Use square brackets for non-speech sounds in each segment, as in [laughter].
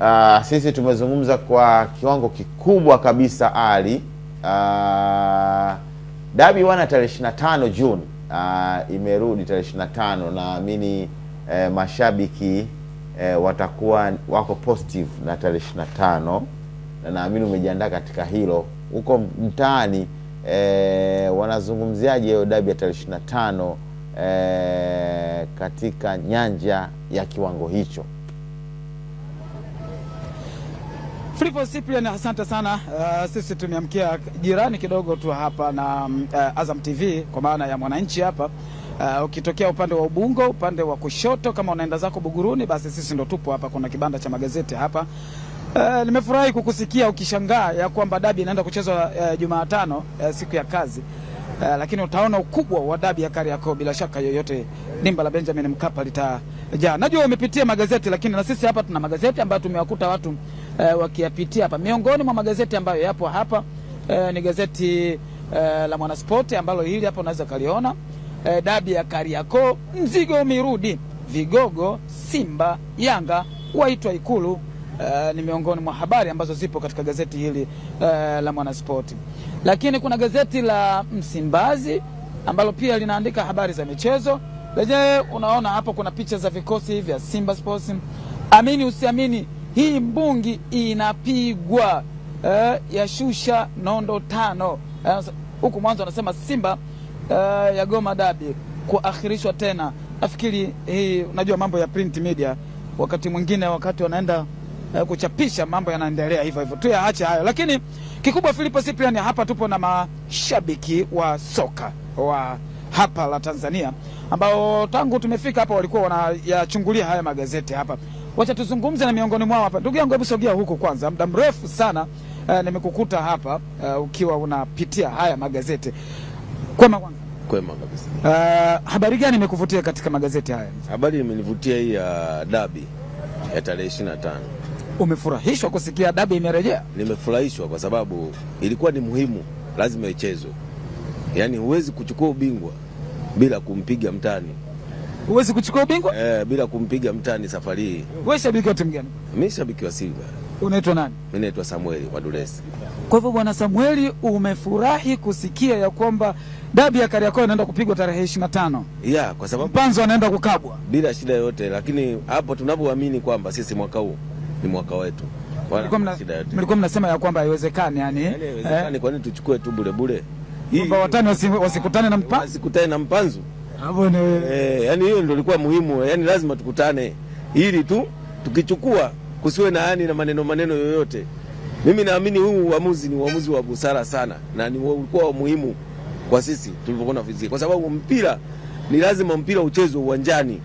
uh, sisi tumezungumza kwa kiwango kikubwa kabisa ali uh, dabi wana tarehe 25 Juni uh, imerudi tarehe 25, naamini eh, mashabiki eh, watakuwa wako positive na tarehe 25, na naamini umejiandaa katika hilo huko mtaani eh, wanazungumziaje hiyo dabi ya tarehe 25 eh, katika nyanja ya kiwango hicho? Filipo Cyprian, asante sana. Uh, sisi tumeamkia jirani kidogo tu hapa na um, uh, Azam TV kwa maana ya Mwananchi hapa Uh, ukitokea upande wa Ubungo upande wa kushoto kama unaenda zako Buguruni, basi sisi ndo tupo hapa, kuna kibanda cha magazeti hapa. Uh, nimefurahi kukusikia ukishangaa ya kwamba dabi inaenda kuchezwa uh, Jumatano uh, siku ya kazi uh, lakini utaona ukubwa wa dabi ya Kariakoo. Bila shaka yoyote dimba la Benjamin Mkapa litajaa. Najua umepitia magazeti, lakini na sisi hapa tuna magazeti ambayo tumewakuta watu e, wakiyapitia hapa. Miongoni mwa magazeti ambayo yapo hapa e, ni gazeti e, la Mwanaspoti ambalo hili hapa unaweza ukaliona e, dabi ya Kariakoo, mzigo umerudi, vigogo Simba Yanga waitwa Ikulu. Uh, ni miongoni mwa habari ambazo zipo katika gazeti hili uh, la Mwanaspoti, lakini kuna gazeti la Msimbazi ambalo pia linaandika habari za michezo lenyewe unaona hapo kuna picha za vikosi vya Simba Sports. Amini usiamini, hii mbungi inapigwa eh, yashusha nondo tano eh, huku eh, mwanzo anasema Simba eh, ya Goma dabi kuakhirishwa tena. Nafikiri hii unajua mambo ya print media, wakati mwingine wakati wanaenda eh, kuchapisha mambo yanaendelea hivyo hivyo, yaache hayo. Lakini kikubwa Filipo Cyprian, hapa tupo na mashabiki wa soka wa hapa la Tanzania ambao tangu tumefika hapa walikuwa wanayachungulia haya magazeti hapa wacha tuzungumze na miongoni mwao hapa. Ndugu yangu, hebu sogea huku kwanza, muda mrefu sana uh, nimekukuta hapa uh, ukiwa unapitia haya magazeti. Kwema kwanza. Kwema kabisa. Uh, habari gani imekuvutia katika magazeti haya? Habari imenivutia hii ya dabi ya tarehe 25. Umefurahishwa kusikia dabi imerejea? Nimefurahishwa kwa sababu ilikuwa ni muhimu, lazima ichezwe. Yaani huwezi kuchukua ubingwa bila kumpiga mtani Huwezi kuchukua ubingwa eh, bila kumpiga mtani safari hii. Wewe shabiki wa timu gani? Mimi shabiki wa Simba. Unaitwa nani? Mimi naitwa Samuel Wadulesi. Kwa hivyo bwana Samuel, umefurahi kusikia ya kwamba dabi ya Kariakoo inaenda kupigwa tarehe 25? na tano kwa sababu Mpanzo anaenda kukabwa bila shida yoyote, lakini hapo tunapoamini kwamba sisi mwaka huu ni mwaka wetu. Mlikuwa mnasema ya kwamba haiwezekani, yani yaani haiwezekani, eh? Kwa nini tuchukue tu bure bure? Watani wasikutane na Mpanzo, wasikutane na Mpanzo hapo wewe. Eh, yani hiyo ndio ilikuwa muhimu. Yani lazima tukutane ili tu tukichukua kusiwe na yani na maneno maneno yoyote. Mimi naamini huu uamuzi ni uamuzi wa busara sana na ni ulikuwa muhimu kwa sisi tulivyokuwa tunafizikia. Kwa sababu mpira ni lazima mpira uchezwe uwanjani.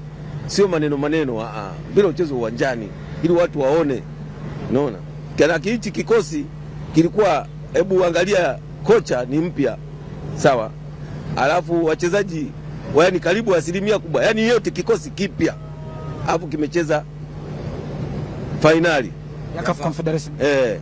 Sio maneno maneno a ah, a. Ah. Mpira uchezwe uwanjani ili watu waone. Unaona? Kana hichi kikosi kilikuwa hebu angalia kocha ni mpya. Sawa? Alafu wachezaji kwa hiyo ni karibu asilimia kubwa, yaani yote kikosi kipya hapo kimecheza fainali ya CAF Confederation eh.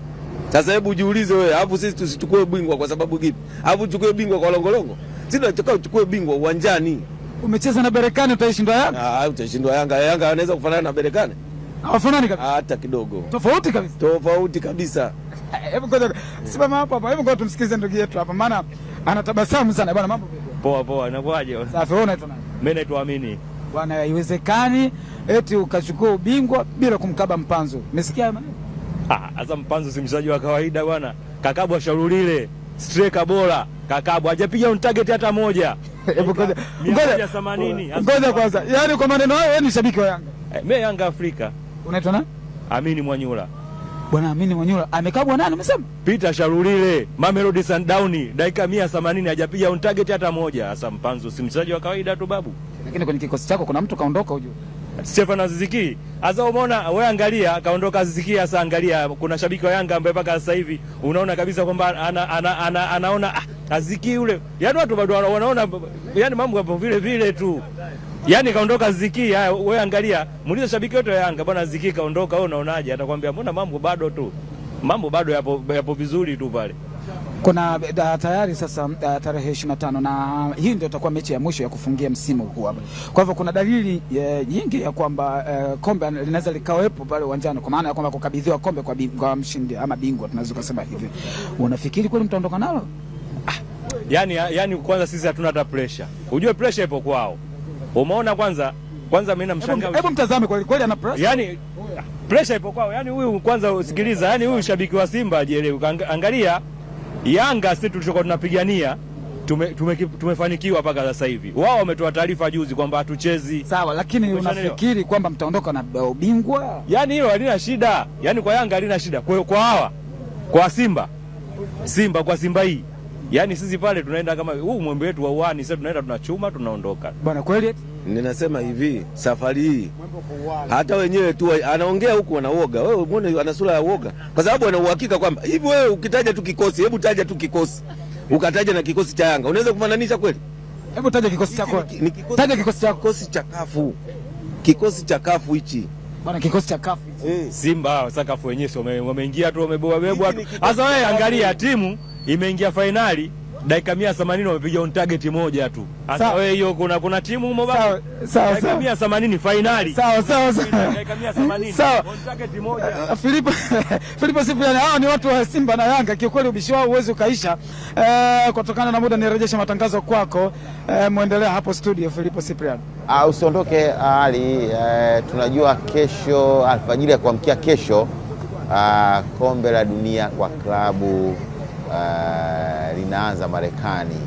Sasa hebu jiulize wewe, alafu sisi tusichukue bingwa kwa sababu gipi? Alafu chukue bingwa kwa longolongo? Sisi tunataka uchukue bingwa uwanjani. Umecheza na Berekani, utaishindwa Yanga? Ah, utaishindwa Yanga. Yanga anaweza kufanana na Berekani? Hawafanani kabisa, hata kidogo. Tofauti kabisa, tofauti kabisa. [laughs] Hebu kwanza simama hapa hapa. hebu ngoja tumsikilize ndugu yetu hapa, maana anatabasamu sana bwana. Mambo Poa poa, inakuwaje? Safi, wewe unaitwa nani? Mimi naitwa Amini. Bwana, haiwezekani eti ukachukua ubingwa bila kumkaba mpanzo Umesikia maneno? Ah, sasa mpanzo si mchezaji wa kawaida bwana. Kakabu ashaulile striker bora. Kakabu hajapiga on target hata moja. [laughs] Hebu ngoja. Ngoja 80. Ngoja kwanza. Yaani kwa maneno hayo wewe ni shabiki wa Yanga. Eh, mimi Yanga Afrika. Unaitwa nani? Amini Mwanyula. Bwana Amini Mwanyula amekaa bwana, umesema Peter Sharulile, Mamelodi Sundowns, dakika 180 hajapiga on target hata moja. Asa Mpanzu si mchezaji wa kawaida tu babu, lakini kwenye kikosi chako kuna mtu kaondoka, hujua Stefan Aziziki. Asa umeona wewe, angalia kaondoka Aziziki. Asa angalia, kuna shabiki wa Yanga ambaye mpaka sasa hivi unaona kabisa kwamba ana, ana, ana, ana, anaona ah, Aziki ule, yani watu bado wanaona yani mambo hapo vile vile tu. Yani kaondoka Ziki, haya wewe angalia, muulize shabiki wote wa Yanga, bwana Ziki kaondoka, wewe unaonaje? Atakwambia mbona mambo bado tu, mambo bado yapo, yapo vizuri tu pale. Kuna da, tayari sasa da, tarehe 25 na hii ndio itakuwa mechi ya mwisho ya kufungia msimu huu hapa. Kwa hivyo kuna dalili e, nyingi ya kwamba e, kombe linaweza likawepo pale uwanjani, kwa maana ya kwamba kukabidhiwa kombe kwa, kwa mshindi ama bingwa, tunaweza kusema hivi. Unafikiri kweli mtaondoka nalo? yani, yani kwanza sisi hatuna hata pressure. Ujue pressure ipo kwao. Umeona kwanza kwanza mimi namshangaa. Hebu mtazame kweli kweli ana pressure. Yaani pressure ipo kwao. Yaani huyu kwanza usikiliza. Yaani huyu shabiki wa Simba ajielewe. Angalia Yanga sisi tulichokuwa tunapigania tume, tume, tumefanikiwa mpaka sasa hivi. Wao wametoa taarifa juzi kwamba hatuchezi. Sawa, lakini unafikiri kwamba mtaondoka na ubingwa? Yaani hilo halina shida. Yaani kwa Yanga halina shida. Kwa kwa hawa kwa Simba Simba kwa Simba hii Yaani sisi pale tunaenda kama huu mwembe wetu wa uani, sasa tunaenda tunachuma, tunaondoka bwana. Kweli ninasema hivi, safari hii hata wenyewe tu anaongea huku wanauoga. Wewe muone ana sura ya uoga, kwa sababu ana uhakika kwamba hivi. Wewe ukitaja tu kikosi, hebu taja tu kikosi, ukataja na kikosi cha Yanga unaweza kufananisha kweli? Hebu taja kikosi cha chako, taja kikosi cha kikosi cha kafu, kikosi cha kafu hichi Bwana kikosi cha kafu eh. Simba sakafu wenyewe, sio wameingia tu wamebebwa bebwa tu. Sasa wewe angalia timu imeingia fainali dakika mia themanini wamepiga on target moja tu. Sasa wewe hiyo kuna kuna timu humo bana. Sawa dakika mia themanini fainali. Sawa sawa sawa. Dakika mia themanini [laughs] on target moja. Eh, Filipo [laughs] Filipo yani hao ni watu wa Simba na Yanga, kiukweli ubishi wao uwezi kaisha. Eh, kutokana na muda nirejesha matangazo kwako. Eh, muendelea hapo studio Filipo Sipriano. Ah, usiondoke Ali. Eh, tunajua kesho alfajiri ya kuamkia kesho ah, kombe la dunia kwa klabu uh, linaanza Marekani.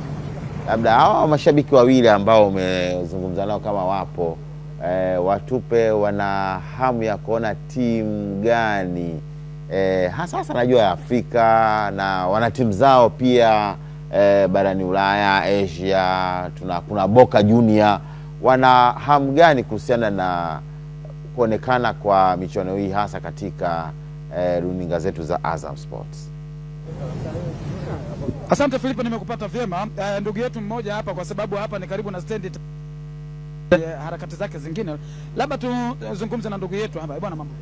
Labda hawa mashabiki wawili ambao umezungumza nao kama wapo eh, watupe wana hamu ya kuona timu gani eh, hasa hasa najua ya Afrika na wana timu zao pia eh, barani Ulaya, Asia tuna, kuna Boca Junior wana hamu gani kuhusiana na kuonekana kwa michuano hii hasa katika eh, runinga zetu za Azam Sports? Asante Filipo, nimekupata vyema. Uh, ndugu yetu mmoja hapa, kwa sababu hapa ni karibu na stendi uh, harakati zake zingine, labda tuzungumze eh, na ndugu yetu hapa. Bwana, mambo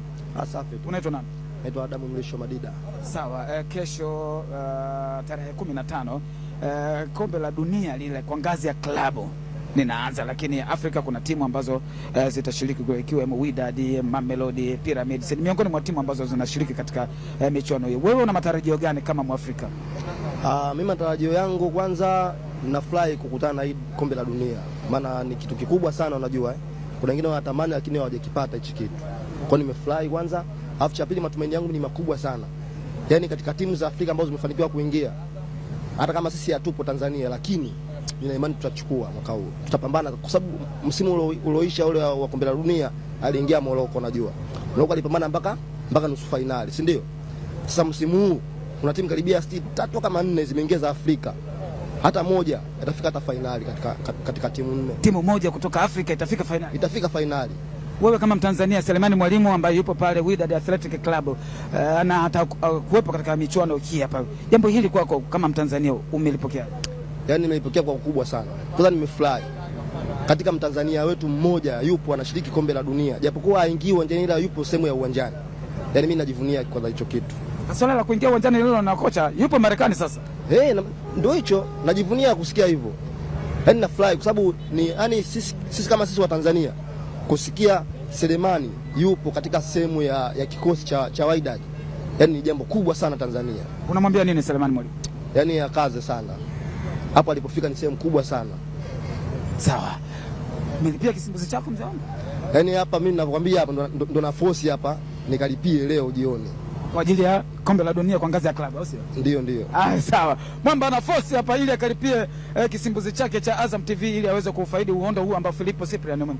asafi. Unaitwa nani? Naitwa Adamu Mlisho Madida. Sawa. Uh, kesho uh, tarehe kumi na tano uh, kombe la dunia lile kwa ngazi ya klabu ninaanza lakini Afrika kuna timu ambazo uh, zitashiriki ikiwemo Wydad, Mamelodi, Pyramids ni miongoni mwa timu ambazo zinashiriki katika uh, michuano hiyo. Wewe una matarajio gani kama Mwafrika? Uh, mimi matarajio yangu kwanza, nafurahi kukutana na hii kombe la dunia, maana ni kitu kikubwa sana. Unajua eh? kuna wengine wanatamani lakini hawajakipata hichi kitu, kwa nimefurahi kwanza, alafu cha pili, matumaini yangu ni makubwa sana yaani katika timu za Afrika ambazo zimefanikiwa kuingia, hata kama sisi hatupo Tanzania, lakini nina imani tutachukua mwaka huu, tutapambana kwa sababu msimu ulioisha ule wa kombe la dunia aliingia Morocco, najua Morocco alipambana mpaka mpaka nusu fainali, si ndio? Sasa msimu huu kuna timu karibia sitini tatu kama nne zimeingia za Afrika hata moja itafika hata fainali katika, katika timu nne, timu moja kutoka Afrika itafika fainali, itafika fainali. Wewe kama Mtanzania Selemani Mwalimu ambaye yupo pale Wydad Athletic Club uh, na hata uh, kuwepo katika michuano hii hapa, jambo hili kwako kama Mtanzania umelipokea? Yaani nimeipokea kwa ukubwa sana, kwanza nimefurahi katika Mtanzania wetu mmoja yupo anashiriki kombe la dunia, japokuwa aingii uwanjani, ila yupo sehemu ya uwanjani. Yaani mimi najivunia kwa hicho kitu na swala la kuingia uwanjani lilo na kocha yupo Marekani sasa. Hey, eh, ndio hicho najivunia kusikia hivyo, yaani nafurahi kwa sababu ni yani sisi, sisi kama sisi wa Tanzania kusikia Selemani yupo katika sehemu ya, ya kikosi cha, cha Wydad yaani ni jambo kubwa sana Tanzania. Unamwambia nini Selemani mwalimu? Yaani akaze sana hapo alipofika, ni sehemu kubwa sana. Sawa, umelipia kisimbuzi chako mzee wangu? Yaani hapa mimi ninavyokwambia, hapa ndo na force hapa nikalipie leo jioni kwa ajili ya kombe la dunia kwa ngazi ya klabu au sio? Ndio, ndio. Ah, sawa. Mwamba ana force hapa ili akaripie eh, kisimbuzi chake cha Azam TV ili aweze kuufaidi uhondo huu ambao Filipo Cyprian